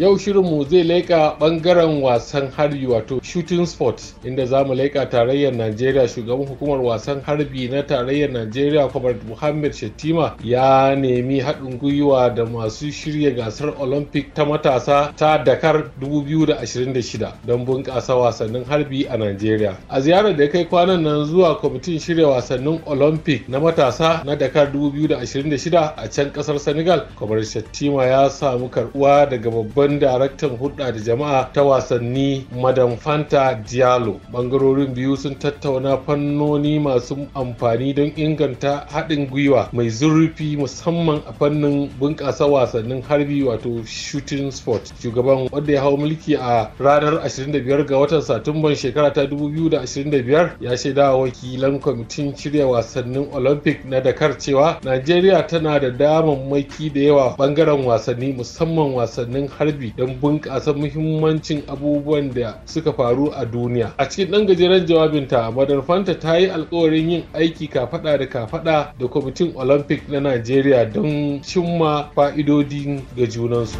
yau shirinmu zai laika ɓangaren wasan harbi wato shooting sport inda za mu laika tarayyar najeriya shugaban hukumar wasan harbi na tarayyar najeriya kwamar muhammad shettima ya nemi haɗin gwiwa da masu shirya gasar olympic ta matasa ta dakar 2026 don bunƙasa wasannin harbi a najeriya a ziyarar da ya kai kwanan nan zuwa kwamitin shirya wasannin olympic na matasa na dakar 2026 a can ƙasar senegal kwamar shettima ya samu karɓuwa daga babban babban daraktan hulɗa da jama'a ta wasanni madam fanta diallo bangarorin biyu sun tattauna fannoni masu amfani don inganta haɗin gwiwa mai zurfi musamman a fannin bunƙasa wasannin harbi wato shooting sport shugaban wanda ya hau mulki a ranar 25 ga watan satumban shekara ta 2025 ya shaida wakilan kwamitin shirya wasannin olympic na dakar cewa najeriya tana da damammaki da yawa bangaren wasanni musamman wasannin harbi harbi don bunƙasa muhimmancin abubuwan da suka faru a duniya a cikin ɗan gajeren jawabinta madar fanta ta yi alkawarin yin aiki kafaɗa da kafaɗa da kwamitin olympic na najeriya don cimma fa'idodin ga junansu.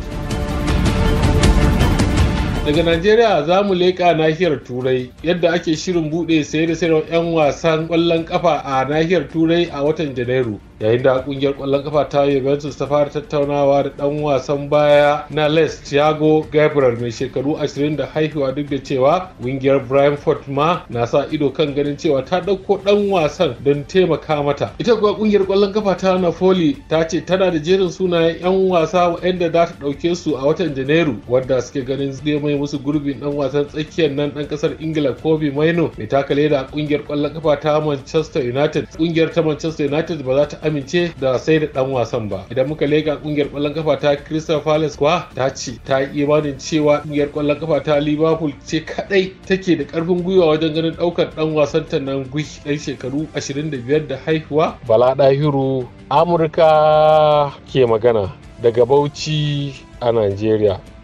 daga najeriya za mu leƙa nahiyar turai yadda ake shirin buɗe sayar da sayarwa 'yan wasan ƙwallon ƙafa a nahiyar turai a watan janairu yayin da kungiyar kwallon kafa ta Juventus ta fara tattaunawa da dan wasan baya na Les Thiago Gabriel mai shekaru 20 da haihuwa duk da cewa kungiyar Brentford ma na sa ido kan ganin cewa ta dauko dan wasan don taimaka mata ita kuwa kungiyar kwallon kafa ta Napoli ta ce tana da jerin sunayen yan wasa waɗanda za ta dauke su a watan Janairu wanda suke ganin zai mai musu gurbin dan wasan tsakiyar nan dan kasar Ingila Kobe Maino mai takale da kungiyar kwallon kafa ta Manchester United kungiyar ta Manchester United ba za ta amince da sai da dan wasan ba idan muka lega kungiyar kwallon kafa ta crystal palace kuwa ta ce ta yi imanin cewa kungiyar kwallon kafa ta liverpool ce kadai take da karfin gwiwa wajen ganin daukar dan wasan ta nan gwi dan shekaru 25 da haihuwa bala dahiru amurka ke magana daga bauchi a nigeria